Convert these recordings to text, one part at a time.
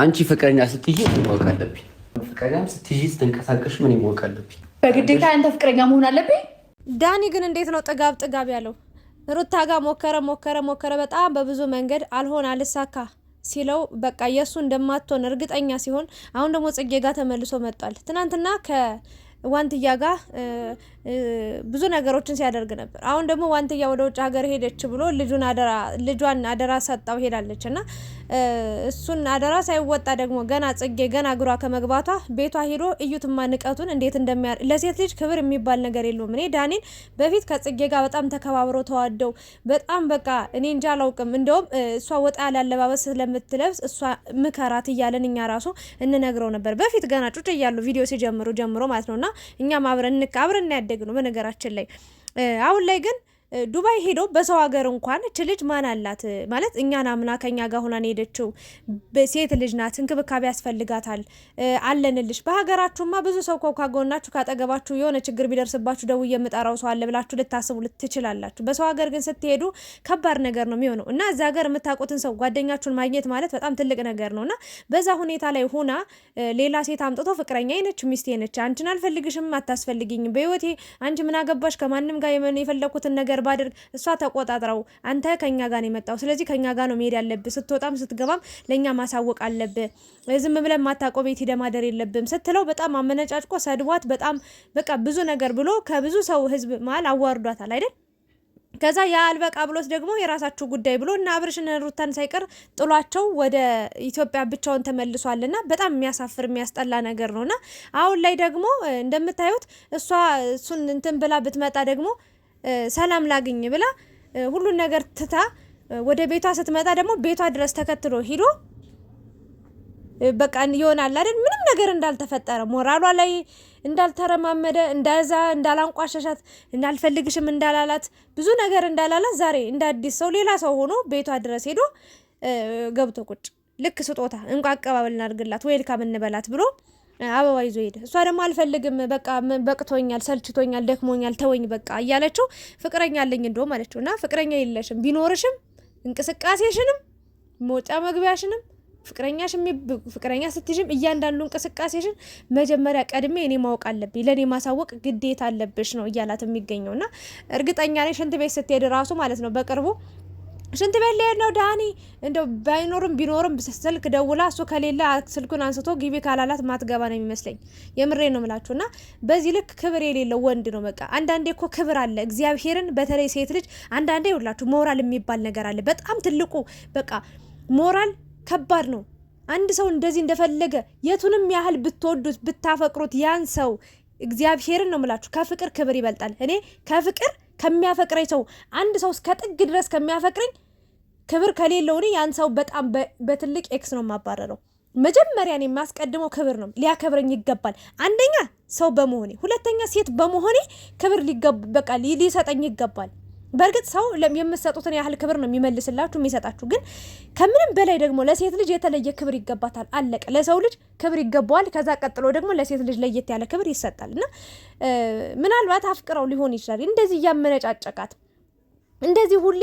አንቺ ፍቅረኛ ስትይ ማወቅ አለብኝ። ፍቅረኛም ስትይ ስትንቀሳቀሽ ምን ማወቅ አለብኝ? በግዴታ አንተ ፍቅረኛ መሆን አለብኝ። ዳኒ ግን እንዴት ነው ጥጋብ ጥጋብ ያለው? ሩታ ጋር ሞከረ ሞከረ ሞከረ፣ በጣም በብዙ መንገድ አልሆን አልሳካ ሲለው በቃ የእሱ እንደማትሆን እርግጠኛ ሲሆን፣ አሁን ደግሞ ጽጌ ጋር ተመልሶ መጥቷል። ትናንትና ከዋንትያ ጋር ብዙ ነገሮችን ሲያደርግ ነበር። አሁን ደግሞ ዋንትያ ወደ ውጭ ሀገር ሄደች ብሎ ልጁን አደራ ልጇን አደራ ሰጣው ሄዳለች እና እሱን አደራ ሳይወጣ ደግሞ ገና ጽጌ ገና እግሯ ከመግባቷ ቤቷ ሄዶ እዩትማ ንቀቱን እንዴት እንደሚያ ለሴት ልጅ ክብር የሚባል ነገር የለውም። እኔ ዳኒን በፊት ከጽጌ ጋር በጣም ተከባብሮ ተዋደው በጣም በቃ እኔ እንጃ አላውቅም። እንደውም እሷ ወጣ ያለ አለባበስ ስለምትለብስ እሷ ምከራት እያለን እኛ ራሱ እንነግረው ነበር በፊት ገና ጩጭ እያሉ ቪዲዮ ሲጀምሩ ጀምሮ ማለት ነው ነውና እኛም አብረን አብረን ያደ ማሳደግ ነው በነገራችን ላይ አሁን ላይ ግን ዱባይ ሄዶ በሰው ሀገር እንኳን እች ልጅ ማን አላት ማለት እኛን አምና ከኛ ጋር ሆናን ሄደችው ሴት ልጅ ናት፣ እንክብካቤ ያስፈልጋታል፣ አለንልሽ። በሀገራችሁማ ብዙ ሰው እኮ ካጎናችሁ ካጠገባችሁ የሆነ ችግር ቢደርስባችሁ ደውዬ የምጠራው ሰው አለ ብላችሁ ልታስቡ ትችላላችሁ። በሰው ሀገር ግን ስትሄዱ ከባድ ነገር ነው የሚሆነው እና እዚ ሀገር የምታውቁትን ሰው ጓደኛችሁን ማግኘት ማለት በጣም ትልቅ ነገር ነው እና በዛ ሁኔታ ላይ ሆና ሌላ ሴት አምጥቶ ፍቅረኛ ነች፣ ሚስቴ ነች፣ አንቺን አልፈልግሽም፣ አታስፈልግኝም፣ በህይወቴ አንቺ ምን አገባሽ፣ ከማንም ጋር የፈለግኩትን ነገር ባደርግ እሷ ተቆጣጥረው አንተ ከኛ ጋር ነው የመጣው፣ ስለዚህ ከኛ ጋር ነው መሄድ ያለብህ፣ ስትወጣም ስትገባም ለእኛ ማሳወቅ አለብህ፣ ዝም ብለን ማታቆ ቤት ሂደህ ማደር የለብም ስትለው በጣም አመነጫጭቆ ሰድቧት፣ በጣም በቃ ብዙ ነገር ብሎ ከብዙ ሰው ህዝብ መሀል አዋርዷታል አይደል? ከዛ የአልበቃ ብሎት ደግሞ የራሳችሁ ጉዳይ ብሎ እና አብርሽን ሩታን ሳይቀር ጥሏቸው ወደ ኢትዮጵያ ብቻውን ተመልሷል። እና በጣም የሚያሳፍር የሚያስጠላ ነገር ነው። እና አሁን ላይ ደግሞ እንደምታዩት እሷ እሱን እንትን ብላ ብትመጣ ደግሞ ሰላም ላግኝ ብላ ሁሉን ነገር ትታ ወደ ቤቷ ስትመጣ ደግሞ ቤቷ ድረስ ተከትሎ ሂዶ በቃ ይሆናል አይደል? ምንም ነገር እንዳልተፈጠረ ሞራሏ ላይ እንዳልተረማመደ እንዳዛ እንዳላንቋሸሻት እንዳልፈልግሽም እንዳላላት ብዙ ነገር እንዳላላት ዛሬ እንደ አዲስ ሰው ሌላ ሰው ሆኖ ቤቷ ድረስ ሄዶ ገብቶ ቁጭ ልክ ስጦታ እንኳ አቀባበል እናድርግላት ዌልካም እንበላት ብሎ አበባ ይዞ ሄደ። እሷ ደግሞ አልፈልግም፣ በቃ በቅቶኛል፣ ሰልችቶኛል፣ ደክሞኛል፣ ተወኝ በቃ እያለችው ፍቅረኛ አለኝ እንደው ማለችው እና ፍቅረኛ የለሽም ቢኖርሽም እንቅስቃሴሽንም መውጫ መግቢያሽንም ፍቅረኛሽ ፍቅረኛ ስትሽም እያንዳንዱ እንቅስቃሴሽን መጀመሪያ ቀድሜ እኔ ማወቅ አለብኝ ለእኔ ማሳወቅ ግዴታ አለብሽ ነው እያላት የሚገኘው እና እርግጠኛ ነኝ ሽንት ቤት ስትሄድ ራሱ ማለት ነው በቅርቡ ሽንት ቤት ነው ዳኒ እንደው ባይኖርም ቢኖርም ስልክ ደውላ እሱ ከሌለ ስልኩን አንስቶ ግቢ ካላላት ማትገባ ነው የሚመስለኝ። የምሬ ነው የምላችሁ። እና በዚህ ልክ ክብር የሌለው ወንድ ነው በቃ። አንዳንዴ እኮ ክብር አለ እግዚአብሔርን። በተለይ ሴት ልጅ አንዳንዴ ይውላችሁ ሞራል የሚባል ነገር አለ። በጣም ትልቁ በቃ ሞራል ከባድ ነው። አንድ ሰው እንደዚህ እንደፈለገ የቱንም ያህል ብትወዱት ብታፈቅሩት ያን ሰው እግዚአብሔርን ነው ምላችሁ ከፍቅር ክብር ይበልጣል። እኔ ከፍቅር ከሚያፈቅረኝ ሰው አንድ ሰው እስከ ጥግ ድረስ ከሚያፈቅረኝ ክብር ከሌለው እኔ ያን ሰው በጣም በትልቅ ኤክስ ነው የማባረረው። መጀመሪያ ነው የማስቀድመው፣ ክብር ነው ሊያከብረኝ ይገባል። አንደኛ ሰው በመሆኔ፣ ሁለተኛ ሴት በመሆኔ ክብር ሊሰጠኝ ይገባል። በእርግጥ ሰው የምትሰጡትን ያህል ክብር ነው የሚመልስላችሁ የሚሰጣችሁ። ግን ከምንም በላይ ደግሞ ለሴት ልጅ የተለየ ክብር ይገባታል። አለቀ። ለሰው ልጅ ክብር ይገባዋል። ከዛ ቀጥሎ ደግሞ ለሴት ልጅ ለየት ያለ ክብር ይሰጣል። እና ምናልባት አፍቅረው ሊሆን ይችላል እንደዚህ እያመነጫጨቃት እንደዚህ ሁሌ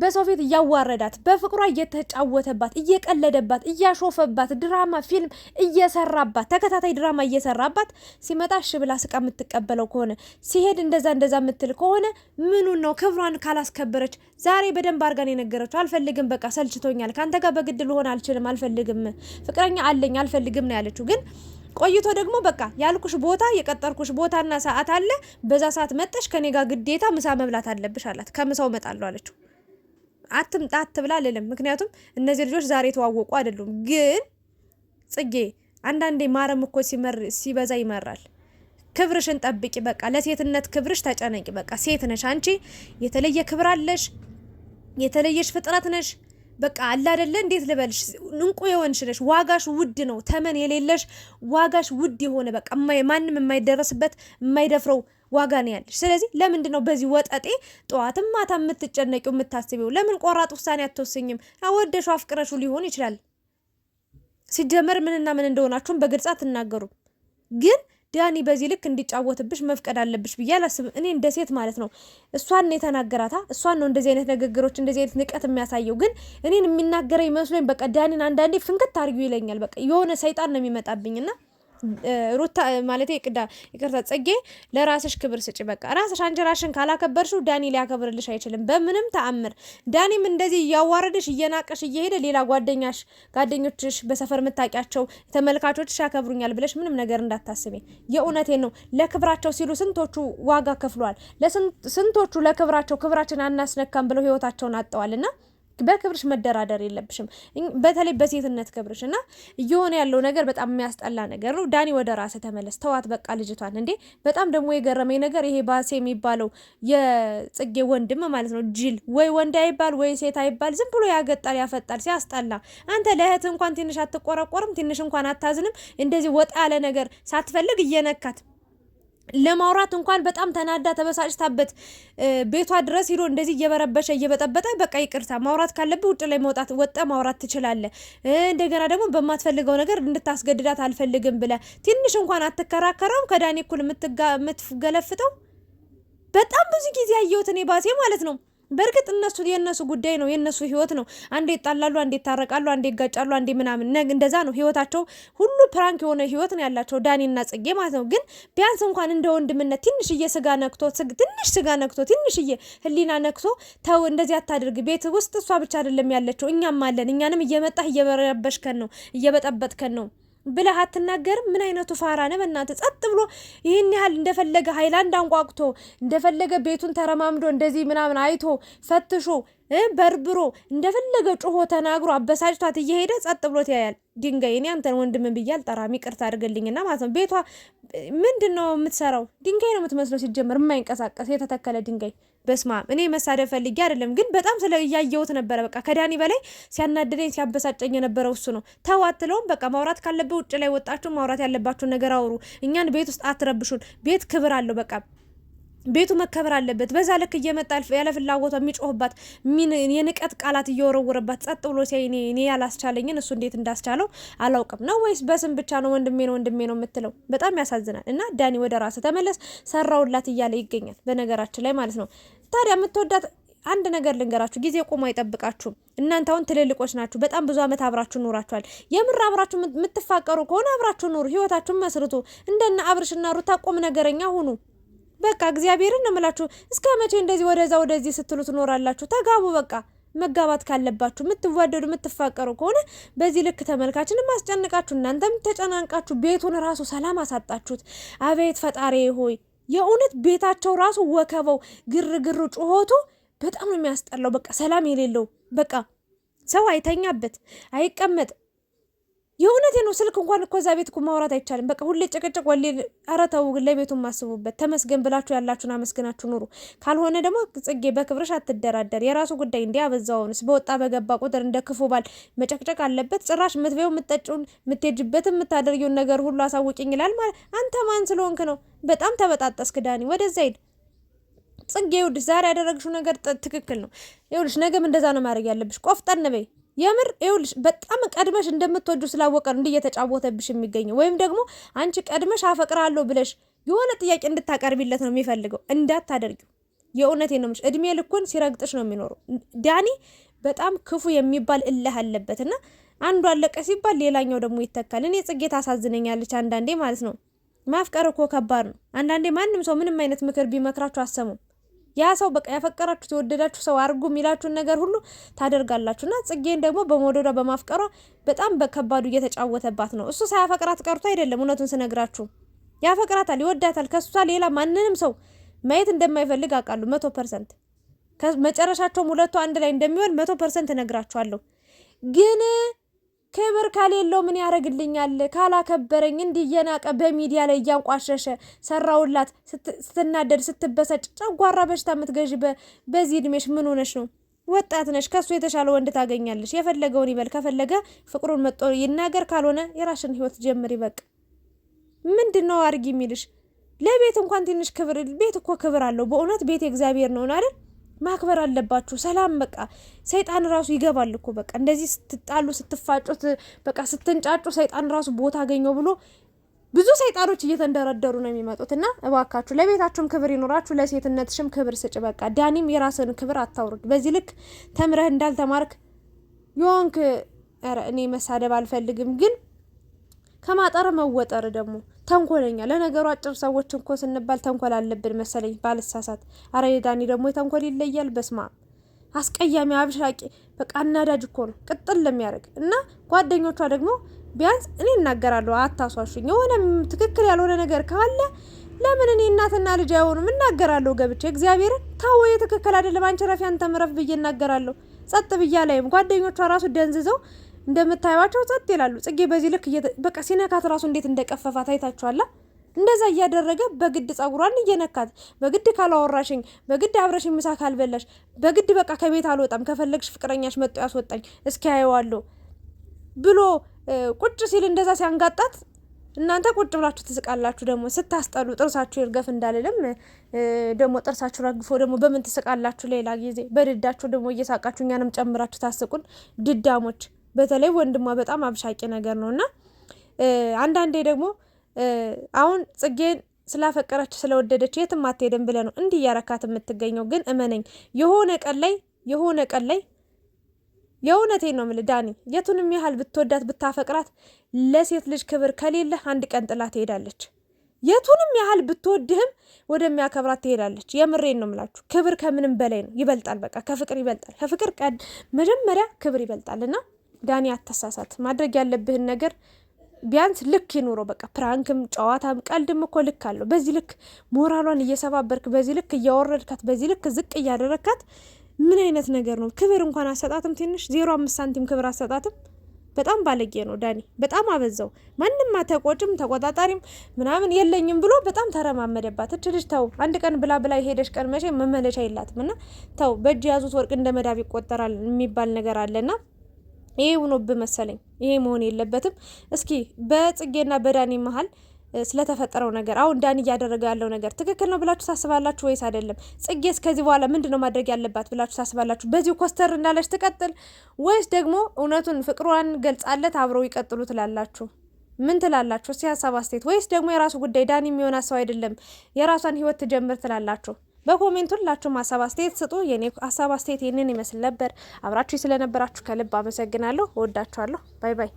በሰው ፊት እያዋረዳት በፍቅሯ እየተጫወተባት እየቀለደባት እያሾፈባት ድራማ ፊልም እየሰራባት ተከታታይ ድራማ እየሰራባት ሲመጣ እሺ ብላ ስቃ የምትቀበለው ከሆነ ሲሄድ እንደዛ እንደዛ የምትል ከሆነ ምኑን ነው ክብሯን ካላስከበረች። ዛሬ በደንብ አርጋን የነገረችው አልፈልግም፣ በቃ ሰልችቶኛል፣ ከአንተ ጋር በግድ ልሆን አልችልም፣ አልፈልግም፣ ፍቅረኛ አለኝ፣ አልፈልግም ነው ያለችው ግን ቆይቶ ደግሞ በቃ ያልኩሽ ቦታ የቀጠርኩሽ ቦታና ሰዓት አለ። በዛ ሰዓት መጠሽ ከኔ ጋር ግዴታ ምሳ መብላት አለብሽ አላት። ከምሳው አለችው። አትምጣ አትብላ አልልም። ምክንያቱም እነዚህ ልጆች ዛሬ የተዋወቁ አይደሉም። ግን ጽጌ አንዳንዴ ማረም እኮ ሲመር ሲበዛ ይመራል። ክብርሽን ጠብቂ። በቃ ለሴትነት ክብርሽ ተጨነቂ። በቃ ሴት ነሽ አንቺ፣ የተለየ ክብር አለሽ፣ የተለየሽ ፍጥረት ነሽ። በቃ አለ አይደለ፣ እንዴት ልበልሽ፣ እንቁ የሆንሽ ነሽ። ዋጋሽ ውድ ነው፣ ተመን የሌለሽ ዋጋሽ ውድ የሆነ በቃ ማንም የማይደረስበት የማይደፍረው ዋጋ ነው ያለሽ። ስለዚህ ለምንድን ነው በዚህ ወጠጤ ጠዋትም ማታ የምትጨነቂው የምታስቢው? ለምን ቆራጥ ውሳኔ አትወስኝም? አወደሹ አፍቅረሹ ሊሆን ይችላል። ሲጀመር ምንና ምን እንደሆናችሁም በግልጽ አትናገሩም። ግን ዳኒ በዚህ ልክ እንዲጫወትብሽ መፍቀድ አለብሽ ብዬ አላስብም። እኔ እንደ ሴት ማለት ነው እሷን ነው የተናገራታ። እሷን ነው እንደዚህ አይነት ንግግሮች፣ እንደዚህ አይነት ንቀት የሚያሳየው። ግን እኔን የሚናገረኝ መስሎኝ በቃ ዳኒን አንዳንዴ ፍንክት አድርጊው ይለኛል። በቃ የሆነ ሰይጣን ነው የሚመጣብኝና ሩታ ማለት ቅዳ ይቅርታ፣ ጽጌ ለራስሽ ክብር ስጪ። በቃ ራስሽ አንጀራሽን ካላከበርሽው ዳኒ ሊያከብርልሽ አይችልም በምንም ተአምር። ዳኒም እንደዚህ እያዋረደሽ እየናቀሽ እየሄደ ሌላ ጓደኛሽ፣ ጓደኞችሽ፣ በሰፈር የምታውቂያቸው ተመልካቾችሽ ያከብሩኛል ብለሽ ምንም ነገር እንዳታስቢ። የእውነቴን ነው። ለክብራቸው ሲሉ ስንቶቹ ዋጋ ከፍሏል። ስንቶቹ ለክብራቸው ክብራችን አናስነካም ብለው ህይወታቸውን አጠዋልና በክብርሽ መደራደር የለብሽም። በተለይ በሴትነት ክብርሽ እና እየሆነ ያለው ነገር በጣም የሚያስጠላ ነገር ነው። ዳኒ ወደ ራስህ ተመለስ፣ ተዋት በቃ ልጅቷን። እንዴ በጣም ደግሞ የገረመኝ ነገር ይሄ ባሴ የሚባለው የጽጌ ወንድም ማለት ነው። ጅል ወይ ወንድ አይባል ወይ ሴት አይባል፣ ዝም ብሎ ያገጣል፣ ያፈጣል፣ ሲያስጠላ። አንተ ለእህት እንኳን ትንሽ አትቆረቆርም? ትንሽ እንኳን አታዝንም? እንደዚህ ወጣ ያለ ነገር ሳትፈልግ እየነካት ለማውራት እንኳን በጣም ተናዳ ተበሳጭታበት ቤቷ ድረስ ሂዶ እንደዚህ እየበረበሸ እየበጠበጠ በቃ ይቅርታ፣ ማውራት ካለብህ ውጭ ላይ መውጣት ወጠ ማውራት ትችላለህ። እንደገና ደግሞ በማትፈልገው ነገር እንድታስገድዳት አልፈልግም ብለህ ትንሽ እንኳን አትከራከረውም። ከዳኒ እኩል የምትገለፍጠው በጣም ብዙ ጊዜ ያየሁት እኔ ባሴ ማለት ነው። በእርግጥ እነሱ የእነሱ ጉዳይ ነው፣ የእነሱ ህይወት ነው። አንዴ ይጣላሉ፣ አንዴ ይታረቃሉ፣ አንዴ ይጋጫሉ፣ አንዴ ምናምን እንደዛ ነው ህይወታቸው። ሁሉ ፕራንክ የሆነ ህይወት ነው ያላቸው ዳኒና ጽጌ ማለት ነው። ግን ቢያንስ እንኳን እንደ ወንድምነት ትንሽዬ ስጋ ነክቶ ትንሽ ስጋ ነክቶ ትንሽዬ ህሊና ነክቶ ተው እንደዚህ አታድርግ፣ ቤት ውስጥ እሷ ብቻ አይደለም ያለችው፣ እኛም አለን። እኛንም እየመጣህ እየበረበሽከን ነው፣ እየበጠበጥከን ነው ብለህ አትናገርም? ምን አይነቱ ፋራ ነህ? በእናትህ ጸጥ ብሎ ይህን ያህል እንደፈለገ ሀይላንድ አንቋቅቶ እንደፈለገ ቤቱን ተረማምዶ እንደዚህ ምናምን አይቶ ፈትሾ በርብሮ እንደፈለገ ጮሆ ተናግሮ አበሳጭቷት እየሄደ ጸጥ ብሎት ያያል። ድንጋይ እኔ አንተን ወንድምን ብዬ አልጠራም፣ ይቅርታ አድርግልኝና ማለት ነው። ቤቷ ምንድን ነው የምትሰራው? ድንጋይ ነው የምትመስለው ሲጀመር፣ የማይንቀሳቀስ የተተከለ ድንጋይ በስማ እኔ መሳደብ ፈልጌ አይደለም፣ ግን በጣም ስለ እያየሁት ነበረ። በቃ ከዳኒ በላይ ሲያናደደኝ ሲያበሳጨኝ የነበረው እሱ ነው። ተው አትለውም። በቃ ማውራት ካለበት ውጭ ላይ ወጣችሁ ማውራት ያለባችሁን ነገር አውሩ። እኛን ቤት ውስጥ አትረብሹን። ቤት ክብር አለው። በቃ ቤቱ መከበር አለበት። በዛ ልክ እየመጣ ያለ ፍላጎቷ የሚጮህባት ሚን የንቀት ቃላት እየወረወረባት ጸጥ ብሎ ሲያይ እኔ ያላስቻለኝን እሱ እንዴት እንዳስቻለው አላውቅም ነው ወይስ በስም ብቻ ነው ወንድሜ ነው ወንድሜ ነው የምትለው? በጣም ያሳዝናል። እና ዳኒ ወደ ራስ ተመለስ፣ ሰራውላት እያለ ይገኛል በነገራችን ላይ ማለት ነው። ታዲያ የምትወዳት አንድ ነገር ልንገራችሁ፣ ጊዜ ቆሞ አይጠብቃችሁም። እናንተ አሁን ትልልቆች ናችሁ። በጣም ብዙ ዓመት አብራችሁ ኖራችኋል። የምር አብራችሁ የምትፋቀሩ ከሆነ አብራችሁ ኑሩ፣ ህይወታችሁን መስርቱ። እንደነ አብርሽና ሩታ ቁም ነገረኛ ሁኑ። በቃ እግዚአብሔርን እምላችሁ እስከ መቼ እንደዚህ ወደዛ ወደዚህ ስትሉ ትኖራላችሁ? ተጋቡ በቃ መጋባት ካለባችሁ የምትዋደዱ የምትፋቀሩ ከሆነ በዚህ ልክ ተመልካችን ማስጨንቃችሁ እናንተም ተጨናንቃችሁ ቤቱን ራሱ ሰላም አሳጣችሁት። አቤት ፈጣሪ ሆይ የእውነት ቤታቸው ራሱ ወከበው፣ ግርግሩ፣ ጩኸቱ በጣም ነው የሚያስጠላው። በቃ ሰላም የሌለው በቃ ሰው አይተኛበት አይቀመጥ የእውነቴ ነው። ስልክ እንኳን እኮ እዛ ቤት እኮ ማውራት አይቻልም። በቃ ሁሌ ጭቅጭቅ፣ ወሌ ኧረ ተው፣ ለቤቱም ማስቡበት። ተመስገን ብላችሁ ያላችሁን አመስግናችሁ ኑሩ። ካልሆነ ደግሞ ጽጌ በክብርሽ አትደራደር፣ የራሱ ጉዳይ። እንዲህ አበዛውንስ በወጣ በገባ ቁጥር እንደ ክፉ ባል መጨቅጨቅ አለበት። ጭራሽ ምትቤው ምጠጭውን ምትሄጅበትን የምታደርጊውን ነገር ሁሉ አሳውቂኝ ይላል ማለት። አንተ ማን ስለሆንክ ነው? በጣም ተበጣጠስክ ዳኒ። ወደዛ ሂድ ጽጌ። ይኸውልሽ ዛሬ ያደረግሽው ነገር ትክክል ነው። ይኸውልሽ ነገም እንደዛ ነው ማድረግ ያለብሽ። ቆፍጠን በይ። የምር ይኸውልሽ በጣም ቀድመሽ እንደምትወዱ ስላወቀ እንዲህ እየተጫወተብሽ የሚገኘው ወይም ደግሞ አንቺ ቀድመሽ አፈቅራለሁ ብለሽ የሆነ ጥያቄ እንድታቀርቢለት ነው የሚፈልገው። እንዳታደርጊው። የእውነቴ ነው የምልሽ። እድሜ ልኩን ሲረግጥሽ ነው የሚኖረው። ዳኒ በጣም ክፉ የሚባል እልህ አለበት እና አንዱ አለቀ ሲባል ሌላኛው ደግሞ ይተካል። እኔ ጽጌ ታሳዝነኛለች አንዳንዴ ማለት ነው። ማፍቀር እኮ ከባድ ነው። አንዳንዴ ማንም ሰው ምንም አይነት ምክር ቢመክራችሁ አሰሙ ያ ሰው በቃ ያፈቀራችሁ የወደዳችሁ ሰው አድርጉ የሚላችሁን ነገር ሁሉ ታደርጋላችሁ። እና ጽጌን ደግሞ በመውደዷ በማፍቀሯ በጣም በከባዱ እየተጫወተባት ነው። እሱ ሳያፈቅራት ቀርቶ አይደለም። እውነቱን ስነግራችሁ ያፈቅራታል፣ ይወዳታል። ከሷ ሌላ ማንንም ሰው ማየት እንደማይፈልግ አውቃለሁ መቶ ፐርሰንት። መጨረሻቸውም ሁለቱ አንድ ላይ እንደሚሆን መቶ ፐርሰንት እነግራችኋለሁ ግን ክብር ከሌለው ምን ያደርግልኛል? ካላከበረኝ እንዲህ እየናቀ በሚዲያ ላይ እያንቋሸሸ ሰራውላት። ስትናደድ ስትበሰጭ፣ ጨጓራ በሽታ የምትገዥ በዚህ እድሜሽ ምን ሆነሽ ነው? ወጣት ነሽ። ከሱ የተሻለ ወንድ ታገኛለሽ። የፈለገውን ይበል። ከፈለገ ፍቅሩን መጦ ይናገር፣ ካልሆነ የራሽን ህይወት ጀምር። ይበቅ። ምንድን ነው አድርጊ የሚልሽ? ለቤት እንኳን ትንሽ ክብር። ቤት እኮ ክብር አለው። በእውነት ቤት የእግዚአብሔር ነውን አይደል? ማክበር አለባችሁ። ሰላም በቃ ሰይጣን ራሱ ይገባል እኮ በቃ እንደዚህ ስትጣሉ ስትፋጩት፣ በቃ ስትንጫጩ ሰይጣን ራሱ ቦታ አገኘው ብሎ ብዙ ሰይጣኖች እየተንደረደሩ ነው የሚመጡት። እና እባካችሁ ለቤታችሁም ክብር ይኖራችሁ፣ ለሴትነትሽም ክብር ስጭ። በቃ ዳኒም የራስን ክብር አታውርድ። በዚህ ልክ ተምረህ እንዳልተማርክ የሆንክ እኔ መሳደብ አልፈልግም፣ ግን ከማጠር መወጠር ደግሞ ተንኮለኛ። ለነገሩ አጭር ሰዎች እንኮ ስንባል ተንኮል አለብን መሰለኝ ባልሳሳት። አረ የዳኒ ደግሞ የተንኮል ይለያል። በስማ አስቀያሚ አብሻቂ፣ በቃ አናዳጅ እኮ ነው ቅጥል ለሚያደርግ እና ጓደኞቿ ደግሞ ቢያንስ እኔ እናገራለሁ፣ አታሷሽኝ። የሆነ ትክክል ያልሆነ ነገር ካለ ለምን እኔ እናትና ልጅ አይሆኑም? እናገራለሁ ገብቼ እግዚአብሔርን ታወ የትክክል አይደለም። አንቺ ረፊ አንተ ምረፍ ብዬ እናገራለሁ። ጸጥ ብያ ላይም ጓደኞቿ ራሱ ደንዝዘው እንደምታዩቸው ጸጥ ይላሉ። ጽጌ በዚህ ልክ በቃ ሲነካት ራሱ እንዴት እንደቀፈፋ ታይታችኋላ እንደዛ እያደረገ በግድ ጸጉሯን እየነካት በግድ ካላወራሽኝ፣ በግድ አብረሽኝ ምሳ ካልበላሽ፣ በግድ በቃ ከቤት አልወጣም፣ ከፈለግሽ ፍቅረኛሽ መጥቶ ያስወጣኝ እስኪ ያየዋለሁ ብሎ ቁጭ ሲል እንደዛ ሲያንጋጣት እናንተ ቁጭ ብላችሁ ትስቃላችሁ። ደግሞ ስታስጠሉ ጥርሳችሁ ይርገፍ እንዳልልም ደግሞ ጥርሳችሁ ረግፎ ደግሞ በምን ትስቃላችሁ? ሌላ ጊዜ በድዳችሁ ደግሞ እየሳቃችሁ እኛንም ጨምራችሁ ታስቁን ድዳሞች። በተለይ ወንድሟ በጣም አብሻቂ ነገር ነው እና አንዳንዴ ደግሞ አሁን ጽጌን ስላፈቀረች ስለወደደች የትም አትሄድም ብለ ነው እንዲህ እያረካት የምትገኘው። ግን እመነኝ የሆነ ቀን ላይ የሆነ ቀን ላይ የእውነቴ ነው ምል ዳኒ፣ የቱንም ያህል ብትወዳት ብታፈቅራት ለሴት ልጅ ክብር ከሌለህ አንድ ቀን ጥላ ትሄዳለች። የቱንም ያህል ብትወድህም ወደሚያከብራት ትሄዳለች። የምሬን ነው ምላችሁ፣ ክብር ከምንም በላይ ነው፣ ይበልጣል። በቃ ከፍቅር ይበልጣል። ከፍቅር መጀመሪያ ክብር ይበልጣልና ዳኒ አተሳሳት ማድረግ ያለብህን ነገር ቢያንስ ልክ ይኑሮ። በቃ ፕራንክም ጨዋታም ቀልድም እኮ ልክ አለው። በዚህ ልክ ሞራሏን እየሰባበርክ፣ በዚህ ልክ እያወረድካት፣ በዚህ ልክ ዝቅ እያደረግካት ምን አይነት ነገር ነው? ክብር እንኳን አሰጣትም ትንሽ ዜሮ አምስት ሳንቲም ክብር አሰጣትም። በጣም ባለጌ ነው ዳኒ፣ በጣም አበዛው። ማንም ተቆጭም ተቆጣጣሪም ምናምን የለኝም ብሎ በጣም ተረማመደባት። እች ልጅ ተው፣ አንድ ቀን ብላ ብላ የሄደች ቀን መቼ መመለሻ የላትም እና ተው፣ በእጅ የያዙት ወርቅ እንደ መዳብ ይቆጠራል የሚባል ነገር አለና ይሄ ሆኖብ መሰለኝ። ይሄ መሆን የለበትም። እስኪ በጽጌና በዳኒ መሀል ስለተፈጠረው ነገር አሁን ዳኒ እያደረገ ያለው ነገር ትክክል ነው ብላችሁ ታስባላችሁ ወይስ አይደለም? ጽጌስ ከዚህ በኋላ ምንድን ነው ማድረግ ያለባት ብላችሁ ታስባላችሁ? በዚሁ ኮስተር እንዳለች ትቀጥል ወይስ ደግሞ እውነቱን ፍቅሯን ገልጻለት አብረው ይቀጥሉ ትላላችሁ? ምን ትላላችሁ? እስኪ ሀሳብ አስተያየት። ወይስ ደግሞ የራሱ ጉዳይ ዳኒ የሚሆን ሰው አይደለም የራሷን ህይወት ትጀምር ትላላችሁ? በኮሜንት ሁላችሁም ሀሳብ አስተያየት ስጡ። የኔ ሀሳብ አስተያየት ይህንን ይመስል ነበር። አብራችሁ ስለነበራችሁ ከልብ አመሰግናለሁ። እወዳችኋለሁ። ባይ ባይ